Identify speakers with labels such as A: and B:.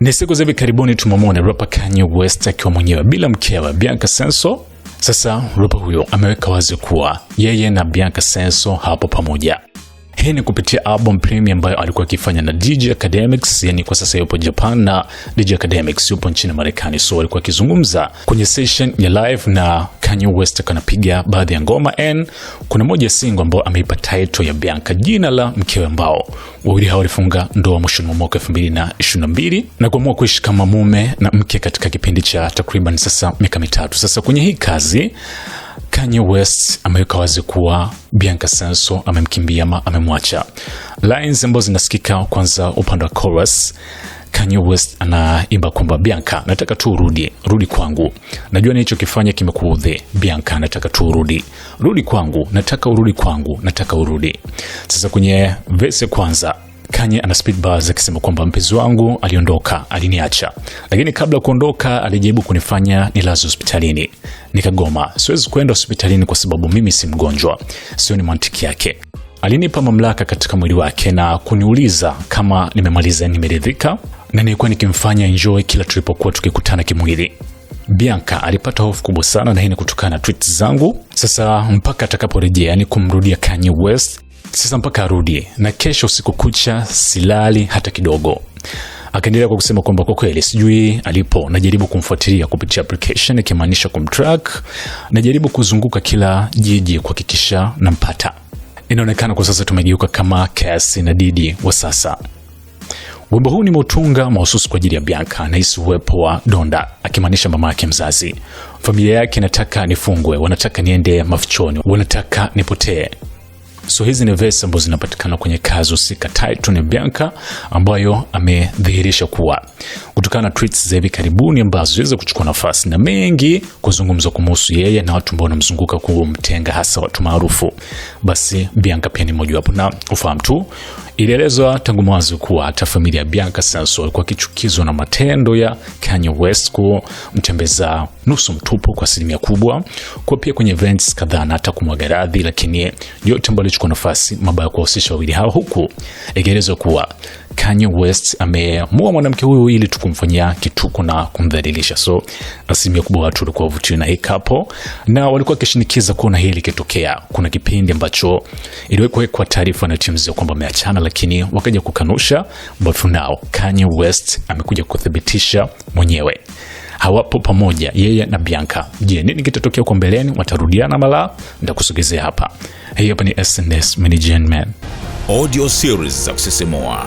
A: Ni siku za hivi karibuni tumemwona rapa Kanye West akiwa mwenyewe bila mkewe Bianca Senso. Sasa rapa huyo ameweka wazi kuwa yeye na Bianca Senso hapo pamoja. Hii ni kupitia album premium ambayo alikuwa akifanya na DJ Academics, yani kwa sasa yupo Japan na DJ Academics yupo nchini Marekani. So alikuwa akizungumza kwenye session ya live na Kanye West kanapiga baadhi ya ngoma n kuna moja singo ambayo ameipa title ya Bianca, jina la mkewe, ambao wawili hao walifunga ndoa mwishoni mwa mwaka 2022 na kuamua kuishi kama mume na mke katika kipindi cha takriban sasa miaka mitatu. Sasa kwenye hii kazi Kanye West ameweka wazi kuwa Bianca Sanso amemkimbia ama amemwacha. Lines ambazo zinasikika kwanza upande wa chorus Kanye West anaimba kwamba Bianca, nataka tu urudi, rudi kwangu, najua nilichokifanya kimekuudhi. Bianca, nataka tu urudi, rudi kwangu, nataka urudi kwangu, nataka urudi. Sasa kwenye verse kwanza Kanye ana speed bars akisema kwamba mpenzi wangu aliondoka, aliniacha, lakini kabla kuondoka alijaribu kunifanya nilaze hospitalini, nikagoma. Siwezi kwenda hospitalini kwa sababu mimi si mgonjwa. Sio, ni mantiki yake. Alinipa mamlaka katika mwili wake na kuniuliza kama nimemaliza, nimeridhika na nilikuwa nikimfanya enjoy kila tulipokuwa tukikutana kimwili. Bianca alipata hofu kubwa sana, na hii ni kutokana na tweets zangu. Sasa mpaka atakaporejea, yani kumrudia Kanye West, sasa mpaka arudi, na kesho usiku kucha silali hata kidogo. Akaendelea kwa kusema kwamba kwa kweli sijui alipo, najaribu kumfuatilia kupitia application, ikimaanisha kumtrack, najaribu kuzunguka kila jiji kuhakikisha nampata. Inaonekana kwa sasa tumegeuka kama Cassie na Didi wa sasa. Wimbo huu nimeutunga mahususi kwa ajili ya Bianca, anahisi uwepo wa donda, akimaanisha mama yake mzazi. Familia yake inataka nifungwe, wanataka niende mafichoni, wanataka nipotee. So hizi ni verse ambazo zinapatikana kwenye kazi husika title ni Bianca, ambayo amedhihirisha kuwa kutokana na tweets za hivi karibuni ambazo ziweza kuchukua nafasi na mengi kuzungumzwa kumhusu yeye na watu ambao wanamzunguka kumtenga, hasa watu maarufu, basi Bianca pia ni mmoja wapo, na ufahamu tu Ilielezwa tangu mwanzo kuwa hata familia ya Bianca Sanso walikuwa wakichukizwa na matendo ya Kanye West kumtembeza nusu mtupu kwa asilimia kubwa, kwa pia kwenye events kadhaa na hata kumwaga radhi, lakini yote ambayo alichukua nafasi mabaya kuwahusisha wawili hao, huku ikielezwa kuwa Kanye West ameamua mwanamke huyu ili tukumfanyia kituko na kumdhalilisha. So asilimia kubwa watu walikuwa wavutiwa na hii couple na walikuwa wakishinikiza kuona hili likitokea. Kuna kipindi ambacho iliwekwa taarifa na timu zao kwamba ameachana, lakini wakaja kukanusha, but for now Kanye West amekuja kuthibitisha mwenyewe hawapo pamoja yeye na Bianca. Je, nini kitatokea kwa mbeleni? Watarudiana mala? Nitakusogezea hapa. Hii hapa ni SNS Management.
B: Audio series za kusisimua